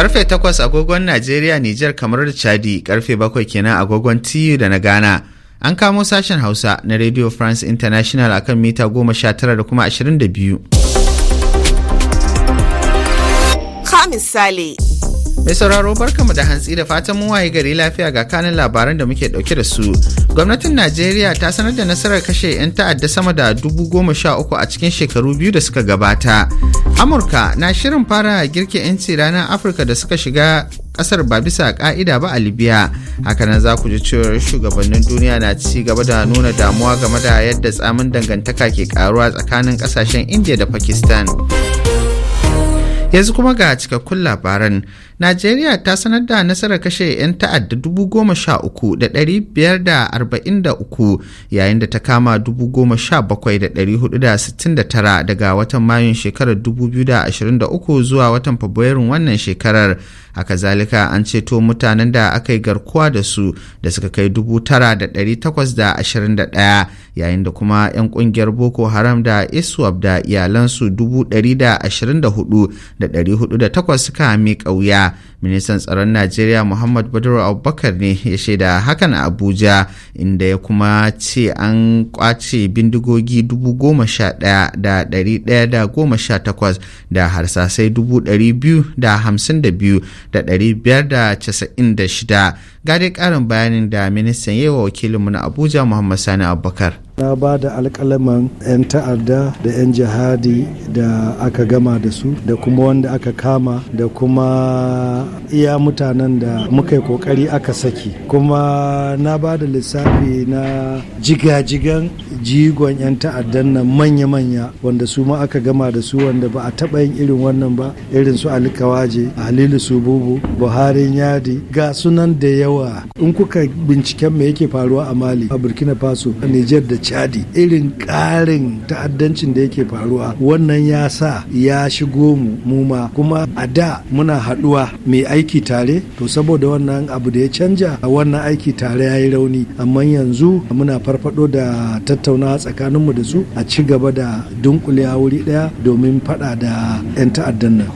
Karfe 8 agogon Najeriya, Nijar kamar da Chadi, karfe 7 kenan agogon TU da na Ghana. An kamo sashen Hausa na Radio France International akan mita 19 da kuma 22. Ka misali. Mai sauraro barkanmu da hantsi da fatan mu waye gari lafiya ga kanin labaran da muke dauke da su. Gwamnatin Najeriya ta sanar da nasarar kashe 'yan ta'adda sama da dubu goma sha uku a cikin shekaru biyu da suka gabata. Amurka na shirin fara girke 'yanci ranar Afirka da suka shiga kasar ba bisa ka'ida ba a libya hakanan za ku ji cewar shugabannin duniya na ci gaba da nuna damuwa game da yadda tsamin dangantaka ke karuwa tsakanin kasashen india da pakistan yanzu kuma ga cikakkun labaran Najeriya ta sanar da nasarar kashe 'yan ta'adda 13,543 yayin da ta kama 17,469 daga watan Mayun shekarar 2023 zuwa watan Fabrairun wannan shekarar. Haka zalika an ceto mutanen da aka yi garkuwa da su da suka kai 9,821 yayin da kuma 'yan kungiyar Boko Haram da Iswab da iyalansu 124,408 suka miƙa ƙauya. Ministan tsaron Najeriya Muhammad Badru Abubakar ne ya shaida hakan a Abuja inda ya kuma ce an kwace bindigogi dubu goma ɗaya da ɗari ɗaya da goma sha takwas da harsasai dubu ɗari biyu da hamsin da da shida. ƙarin bayanin da ministan yi wa wakilinmu na Abuja Muhammad Sani Abubakar. na ba da alkalaman 'yan ta'adda da 'yan jihadi da aka gama da su da kuma wanda aka kama da kuma iya mutanen da muka yi kokari aka saki kuma na ba da lissafi na jigajigan jigon 'yan ta'addan nan manya-manya wanda su ma aka gama da su wanda ba a taɓa yin irin wannan ba irin su alikawaje halilu sububu buharin yadi ga sunan da yawa in kuka binciken me yake faruwa a mali a burkina faso niger da chadi irin ƙarin ta'addancin da yake faruwa wannan ya sa ya shigo mu muma kuma a da muna haɗuwa mai aiki tare to saboda wannan abu da ya canja a wannan aiki tare ya yi rauni amma yanzu muna farfado da tattaunawa tsakaninmu da su a ci gaba da dunkule a wuri ɗaya domin faɗa da 'yan ta'addan nan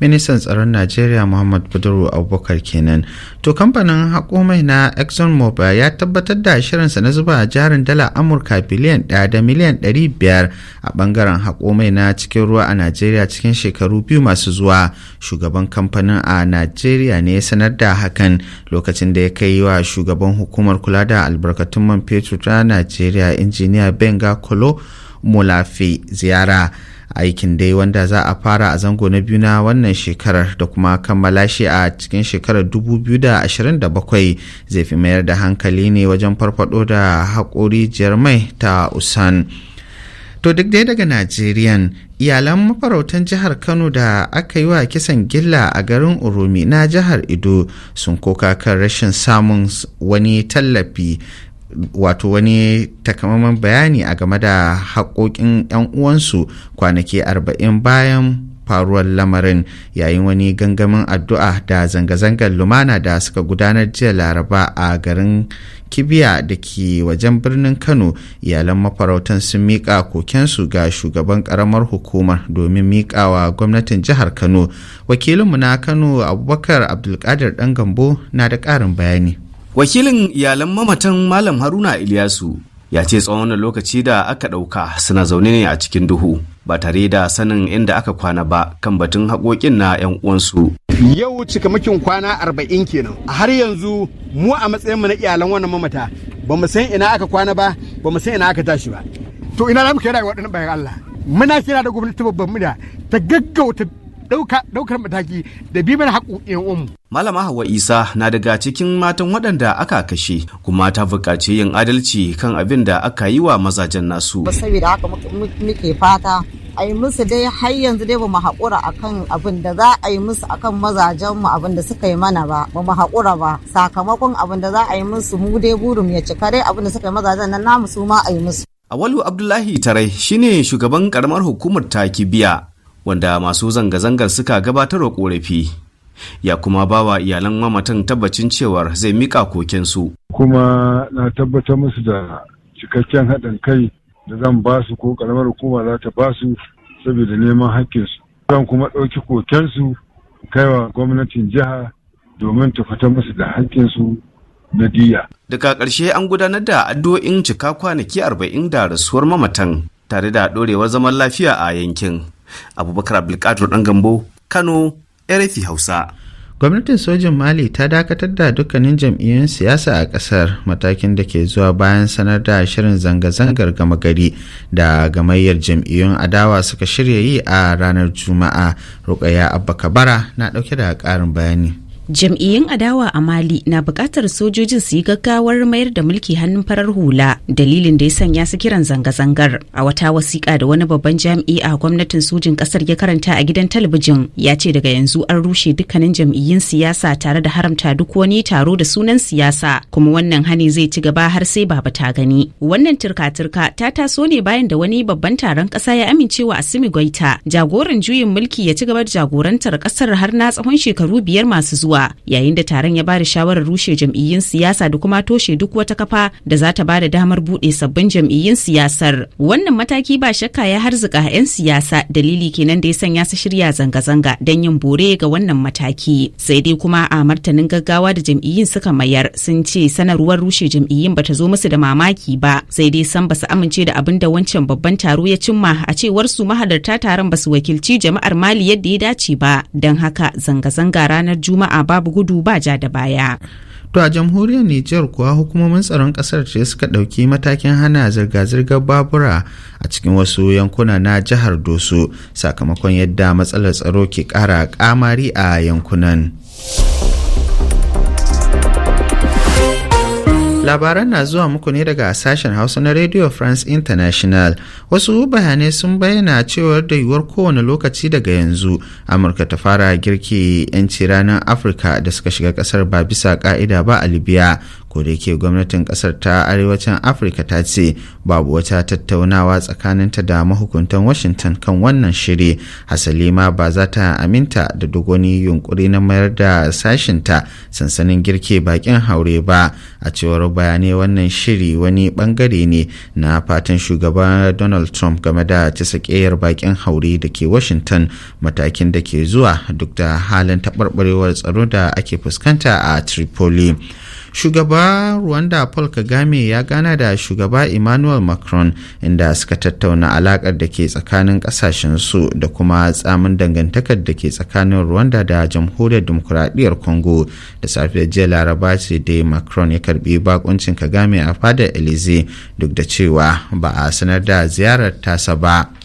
ministan tsaron najeriya muhammad buduru abubakar kenan to kamfanin haƙo na exxon mobil ya tabbatar da shirinsa na zuba jarin dala amurka biliyan ɗaya da miliyan ɗari biyar a bangaren haƙo na cikin ruwa a najeriya cikin shekaru biyu masu zuwa shugaban kamfanin a najeriya ne ya sanar da hakan lokacin da ya kai wa shugaban hukumar kula da albarkatun man fetur ta najeriya injiniya benga kolo mulafi ziyara aikin dai wanda za a fara a zango na biyu na wannan shekarar da kuma kammala shi a cikin shekarar 2027 zai fi mayar da hankali ne wajen farfado da haƙori jiyar ta usan to duk dai daga najeriyan iyalan mafarautan jihar kano da aka yi wa kisan gilla a garin urumi na jihar ido sun koka kan rashin samun wani tallafi wato wani takamaman bayani a game da haƙoƙin 'yan uwansu kwanaki arba'in bayan faruwar lamarin yayin wani gangamin addu'a da zanga-zangar lumana da suka gudanar jiya laraba a garin kibiya da ke wajen birnin kano iyalan mafarautan sun miƙa kokensu ga shugaban ƙaramar hukumar domin miƙawa gwamnatin jihar kano wakilinmu na kano abubakar abdulkadir ɗan gambo na da ƙarin bayani wakilin iyalan mamatan malam haruna iliyasu ya ce tsawon lokaci da aka ɗauka suna zaune ne a cikin duhu ba tare da sanin inda aka kwana ba kan batun haƙoƙin na 'yan uwansu. Yau cikamakin kwana arba'in kenan har yanzu mu a matsayin mu na iyalan wannan mamata ba mu san ina aka kwana ba ba mu san ina aka tashi ba. To ina za mu kai rayuwa ɗin bayan Allah. Muna kira da gwamnati babban mu da ta gaggauta Daukar mataki da bi mana haƙoƙin umu. Malama Hawa Isa na daga cikin matan waɗanda aka kashe kuma ta buƙaci yin adalci kan abin da aka yi wa mazajen nasu. Saboda haka muke fata a yi musu dai har yanzu dai ba mu haƙura kan abin da za a yi musu akan mazajen mu abin da suka yi mana ba ba mu haƙura ba sakamakon abin da za a yi musu mu dai burin ya cika dai abin da suka yi mazajen nan namu su ma a yi musu. Awalu Abdullahi Tarai shine shugaban karamar hukumar ta Takibiya wanda masu zanga-zangar suka gabatar wa korafi ya kuma bawa iyalan mamatan tabbacin cewar zai mika kokensu kuma na tabbatar musu da cikakken haɗin kai da zan ba su ko ƙaramar hukuma za ta ba su saboda neman haƙƙinsu zan kuma ɗauki kokensu kaiwa gwamnatin jiha domin ta musu da haƙƙinsu na diya. Daga ƙarshe an gudanar da addu'o'in cika kwanaki arba'in da rasuwar mamatan tare da ɗorewar zaman lafiya a yankin. abubakar abdulkadir dan gambo kano rfi hausa gwamnatin sojin mali ta dakatar da dukkanin jam'iyyun siyasa a kasar matakin da ke zuwa bayan sanar da shirin zanga-zangar gama gari da gamayyar jam'iyyun adawa suka shirya yi a ranar juma'a rukaya abba kabara na dauke da karin bayani jam'iyyun adawa a mali na buƙatar sojojin su yi gaggawar mayar da mulki hannun farar hula dalilin da ya sanya su kiran zanga-zangar a wata wasiƙa da wani babban jami'i a gwamnatin sojin ƙasar ya karanta a gidan talabijin ya ce daga yanzu an rushe dukkanin jam'iyyun siyasa tare da haramta duk wani taro da sunan siyasa kuma wannan hani zai ci gaba har sai baba ta gani wannan turka-turka ta taso ne bayan da wani babban taron ƙasa ya amincewa a simi Goita jagoran juyin mulki ya ci gaba da jagorantar ƙasar har na tsawon shekaru biyar masu zuwa zuwa yayin da taron ya bada shawarar rushe jam'iyyun siyasa da kuma toshe duk wata kafa da za ta bada damar bude sabbin jam'iyyun siyasar wannan mataki ba shakka ya harzuka 'yan siyasa dalili kenan da ya sanya su shirya zanga-zanga don yin bore ga wannan mataki sai dai kuma a martanin gaggawa da jam'iyyun suka mayar sun ce sanarwar rushe jam'iyyun bata zo musu da mamaki ba sai dai san basu amince da abin da wancan babban taro ya cimma a cewar su mahalarta taron basu wakilci jama'ar mali yadda ya dace ba don haka zanga-zanga ranar juma'a babu gudu ba ja da baya. To a jamhuriyar Nijar kuwa hukumomin tsaron kasar ce suka ɗauki matakin hana zirga-zirgar babura a cikin wasu yankuna na jihar Doso sakamakon yadda matsalar tsaro ke ƙara ƙamari a yankunan. labaran na zuwa muku ne daga sashen hausa na radio france international wasu bayanai sun bayyana cewar da yiwuwar kowane lokaci daga yanzu amurka ta fara girki 'yanci ranar afirka da suka shiga kasar ba bisa ka'ida ba a libya ko da yake gwamnatin kasar ta arewacin afirka ta ce babu wata tattaunawa tsakaninta da mahukuntan washington kan wannan shiri hasali ma ba za ta aminta da duk wani yunkuri na mayar da sashinta sansanin girke bakin haure ba a cewar bayanai wannan shiri wani bangare ne na fatan shugaban donald trump game da cisa baƙin bakin haure da ke washington matakin da ke zuwa duk da halin taɓarɓarewar tsaro da ake fuskanta a tripoli shugaba rwanda paul kagame ya gana da shugaba emmanuel macron inda suka tattauna alakar da ke tsakanin su da kuma tsamin dangantakar da ke tsakanin rwanda da jamhuriyar demokuraɗiyyar congo da safiyar jiya laraba ce da macron ya karbi bakuncin kagame a fadar elize duk da cewa ba a sanar da ziyarar tasa ba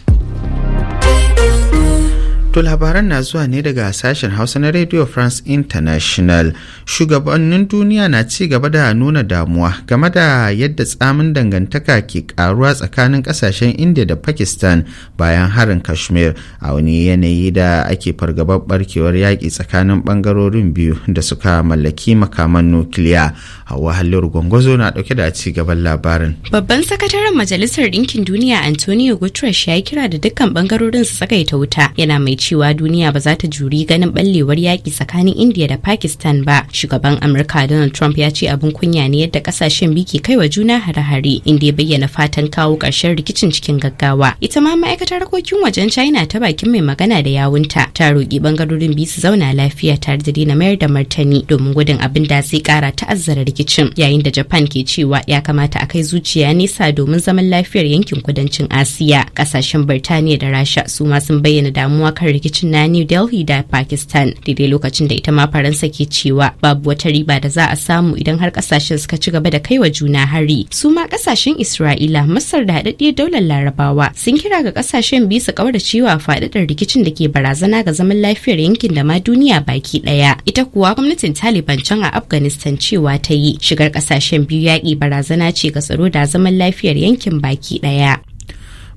To labaran na zuwa ne daga sashen Hausa na Radio France International. Shugabannin duniya na ci gaba da nuna damuwa game da yadda tsamin dangantaka ke karuwa tsakanin kasashen India da Pakistan bayan harin Kashmir a wani yanayi da ake fargabar barkewar yaƙi tsakanin bangarorin biyu da suka mallaki makaman nukiliya. A wahalar Gwangwazo na ɗauke da ci gaban labarin. Babban sakataren Majalisar Ɗinkin Duniya Antonio Guterres ya kira da dukkan bangarorin su tsakaita wuta yana mai cewa duniya ba za ta juri ganin ballewar yaki tsakanin India da Pakistan ba. Shugaban Amurka Donald Trump ya ce abin kunya ne yadda kasashen biyu ke kaiwa juna hare-hare inda ya bayyana fatan kawo ƙarshen rikicin cikin gaggawa. Ita ma ma'aikatar harkokin wajen China ta bakin mai magana da yawunta ta roƙi bangarorin biyu su zauna lafiya tare da daina mayar da martani domin gudun abin da zai kara ta'azzara rikicin yayin da Japan ke cewa ya kamata a kai zuciya nesa domin zaman lafiyar yankin kudancin Asiya. Kasashen Birtaniya da Rasha su ma sun bayyana damuwa kan rikicin na New Delhi da Pakistan daidai lokacin da ita ma Faransa ke cewa babu wata riba da za a samu idan har kasashen suka ci gaba da kai wa juna hari. Su ma kasashen Isra'ila, Masar da haɗaɗɗiyar daular Larabawa sun kira ga kasashen biyu su kawar cewa faɗaɗar rikicin da ke barazana ga zaman lafiyar yankin da ma duniya baki ɗaya. Ita kuwa gwamnatin Taliban can a Afghanistan cewa ta yi shigar kasashen biyu yaƙi barazana ce ga tsaro da zaman lafiyar yankin baki ɗaya.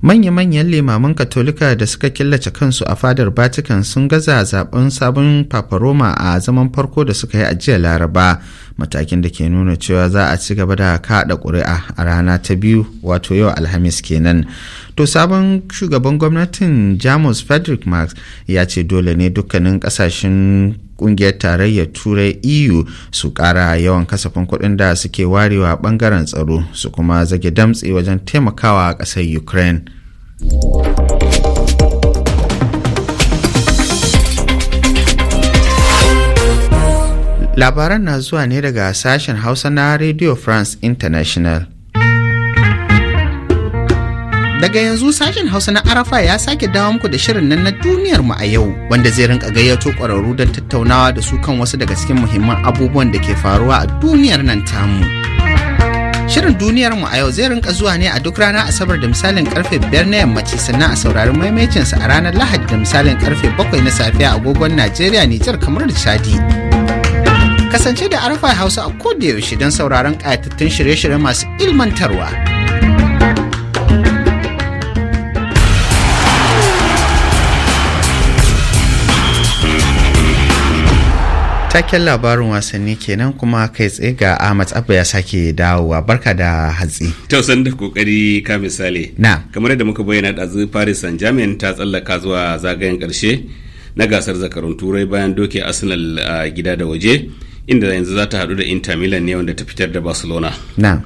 manya-manyan limaman katolika da suka killace kansu a fadar vatican sun gaza zaben sabon roma a zaman farko da suka yi a jiya laraba matakin da ke nuna cewa za a ci gaba da kaɗa ƙuri'a a rana ta biyu wato yau alhamis kenan to sabon shugaban gwamnatin jamus frederick marx ya ce dole ne dukkanin kasashen kungiyar tarayyar turai eu su kara yawan kasafin kuɗin da suke warewa bangaren tsaro su kuma zage damtse wajen taimakawa ƙasar ukraine labaran na zuwa ne daga sashen hausa na radio france international Daga yanzu sashen Hausa na Arafa ya sake dawo muku da shirin nan na duniyar mu a yau wanda zai rinka gayyato ƙwararru don tattaunawa da su kan wasu daga cikin muhimman abubuwan da ke faruwa a duniyar nan tamu. Shirin duniyar mu a yau zai rinka zuwa ne a duk rana Asabar da misalin karfe biyar na yammaci sannan a saurari sa a ranar Lahadi da misalin karfe bakwai na safiya agogon Najeriya, Nijar, kamar da Chadi. kasance da arafa hausa a koda yaushe don sauraron ƙayatattun shirye-shirye masu ilmantarwa Saken labarin wasanni kenan kuma kai tsaye ga Ahmad Abba ya sake dawowa barka da hatsi. Tausan da kokari ka misali. Na. Kamar yadda muka bayyana ɗazu Paris Saint-Germain ta tsallaka zuwa zagayen ƙarshe na gasar zakarun turai bayan doke Arsenal a gida da waje inda yanzu za ta haɗu da Inter Milan ne wanda ta fitar da Barcelona. Na.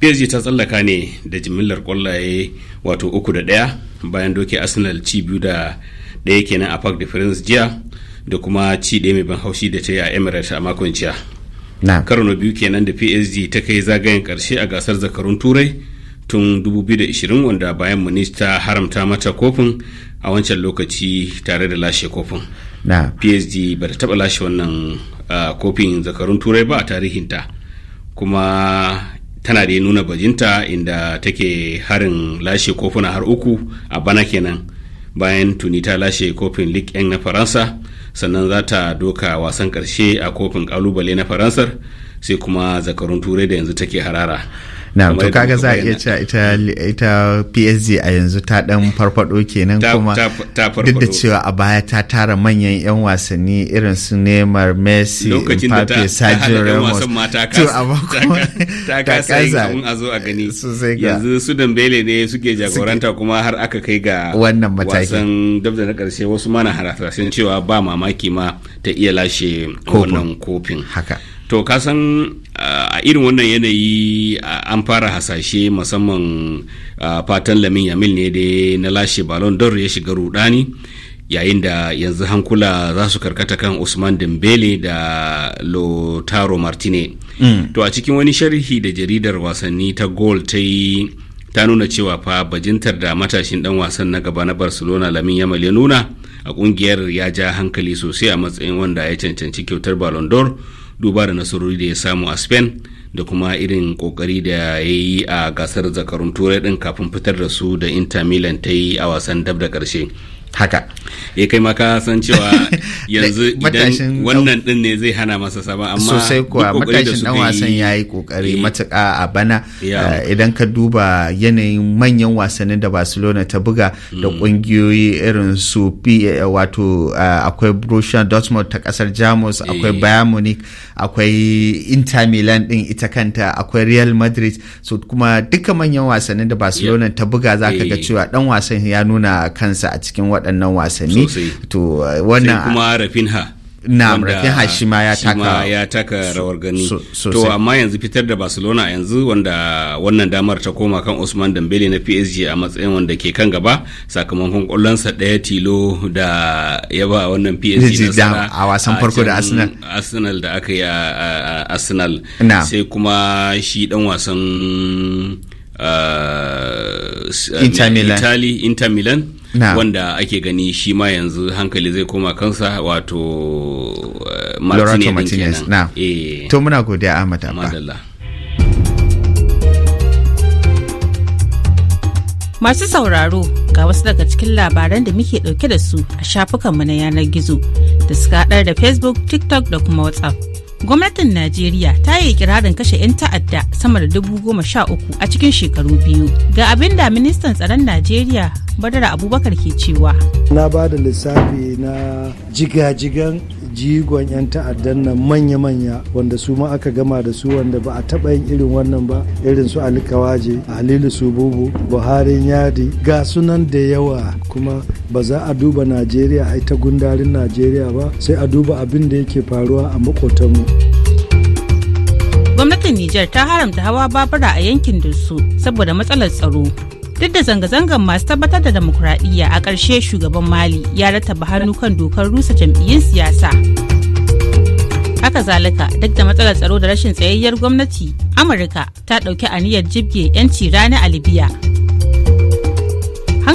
PSG ta tsallaka ne da jimillar kwallaye wato uku da ɗaya bayan doke Arsenal ci biyu da ɗaya kenan a Park de France jiya. da kuma ci ɗaya mai ban haushi da ta yi a emirates a makon jiya karo na biyu kenan da psg ta kai zagayen karshe a gasar zakarun turai tun 2020 wanda bayan minista haramta mata kofin a wancan lokaci tare da lashe kofin psg ba ta taba lashe wannan kofin zakarun turai ba a tarihinta kuma tana da nuna bajinta inda take harin lashe kofuna har uku a bana kenan bayan tuni ta lashe kofin league na faransa sannan za ta doka wasan ƙarshe a kofin ƙalubale na faransar sai kuma zakarun turai da yanzu take harara na to kaga za a iya cewa ita ita PSG a yanzu ta dan farfado kenan kuma duk da cewa a baya ta tara manyan yan wasanni irin su Neymar Messi Mbappe Sergio Ramos to amma kuma ta kasa yin a zo a gani yanzu su Dembele ne suke jagoranta kuma har aka kai ga wannan mataki wasan dabda na karshe wasu mana sun cewa ba mamaki ma ta iya lashe wannan kofin haka to kasan a irin wannan yanayi an fara hasashe musamman fatan lamin yamil ne da na lashe balon dor ya shiga rudani yayin da yanzu hankula za su karkata kan usman dembele da lotaro martine mm. to a cikin wani sharhi da jaridar wasanni ta gol ta yi ta nuna cewa fa bajintar da matashin dan wasan na gaba na barcelona lamin yamal ya nuna a kungiyar ya ja hankali sosai a matsayin wanda ya cancanci kyautar ballon d'or duba da nasarori da ya samu a spain da kuma irin kokari da ya yi a gasar zakarun turai din kafin fitar da su da inter milan ta yi a wasan dab da karshe haka ya eh, kai ma ka san cewa yanzu idan wannan din ne zai hana masa sama. amma sosai kuwa matashin dan wasan ya kokari eh. matuka a bana eh, idan ka duba yanayin manyan wasannin da barcelona ta buga da kungiyoyi mm. irin su wato akwai borussia dortmund ta kasar jamus akwai bayern munich akwai inter milan din ita kanta akwai real madrid so kuma duka manyan wasannin da barcelona ta buga zaka ga cewa dan wasan ya nuna kansa a cikin waɗannan waɗannan wasanni to uh, wannan kuma rafinha na rafinha shi ma ya taka ya taka rawar gani to amma yanzu fitar da barcelona yanzu wanda wannan damar ta koma kan usman Dembele na psg a matsayin wanda ke kan gaba sakamakon kwallonsa ɗaya tilo da ya ba wannan psg nasara a wasan farko da arsenal arsenal da aka yi a arsenal sai kuma shi dan wasan Uh, uh Inter Milan. Italy, Inter Milan wanda ake gani shi ma yanzu hankali zai koma kansa wato eh, Martinez, na eh. to muna godiya Ahmad Abba Masu sauraro ga wasu daga cikin labaran da muke ɗauke da su a shafukanmu na yanar gizo da suka haɗar da Facebook, TikTok da kuma WhatsApp. gwamnatin najeriya ta yi kirarin kashe 'yan ta'adda sama da dubu goma sha uku a cikin shekaru biyu ga abin da ministan tsaron najeriya badara abubakar ke cewa na ba da lissafi na jigajigan jigon 'yan ta'addan nan manya-manya wanda su ma aka gama da su wanda ba a taɓa yin irin wannan ba irin su alikawaje halilu sububu Buhari yadi ga sunan da yawa kuma ba za a duba najeriya a ita gundarin najeriya ba sai a duba abin da yake faruwa a makotanmu gwamnatin niger ta haramta hawa babura a yankin dursu saboda matsalar tsaro duk da zanga-zangar masu tabbatar da demokuraɗiyya a ƙarshe shugaban mali ya rattaba hannu kan dokar rusa jam'iyyun siyasa haka zalika duk da matsalar tsaro da rashin tsayayyar gwamnati amurka ta ɗauki aniyar jibge 'yanci rana a libya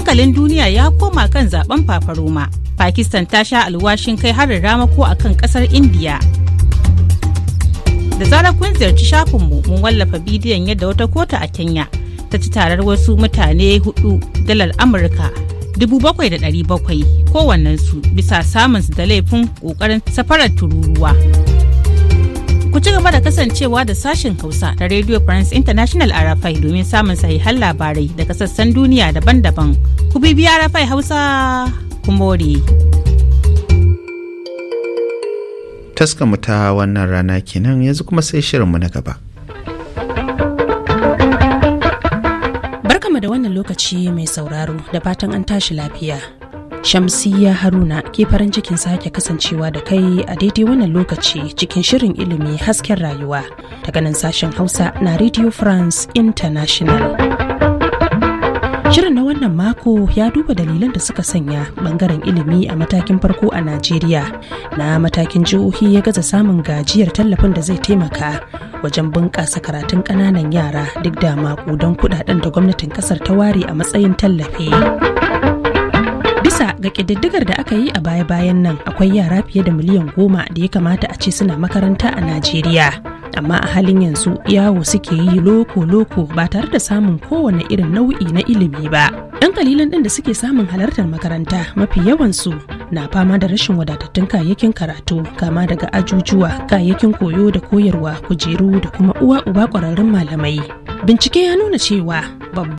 hankalin duniya ya koma kan zaben fafaroma pakistan ta sha alwashin kai harin ramako a kan kasar indiya da zarar kun ziyarci shafinmu mun wallafa bidiyon yadda wata kota a kenya ta ci tarar wasu mutane hudu dalar amurka 7,700 kowannensu bisa samun su da laifin kokarin safarar tururuwa. Ku ci gaba da kasancewa da sashen Hausa ta Radio France International Arafai domin samun sahihan labarai daga sassan duniya daban-daban. Ku bibi Arafai Hausa kumore. taska ta wannan rana kenan yanzu kuma sai shirinmu na gaba. Barkama da wannan lokaci mai sauraro da fatan an tashi lafiya. Shamsiyya Haruna ke farin cikin sake kasancewa da kai a daidai wannan lokaci cikin shirin ilimi hasken rayuwa daga nan sashen Hausa na Radio France International. Shirin na wannan mako ya duba dalilan da suka sanya bangaren ilimi a matakin farko a Najeriya na matakin jihohi ya gaza samun gajiyar tallafin da zai taimaka wajen bunƙasa karatun ƙananan yara duk da don kuɗaɗen da gwamnatin ƙasar ta ware a matsayin tallafi. bisa ga ƙididdigar da aka yi a baya-bayan nan akwai yara fiye da miliyan goma da ya kamata a ce suna makaranta a najeriya amma a halin yanzu yawo suke yi loko-loko ba tare da samun kowane irin nau'i na ilimi ba yan kalilan ɗin da suke samun halartar makaranta mafi yawansu na fama da rashin wadatattun kayayyakin karatu kama daga ajujuwa kayayyakin koyo da koyarwa kujeru da kuma uwa uba ƙwararrun malamai bincike ya nuna cewa